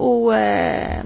u eh,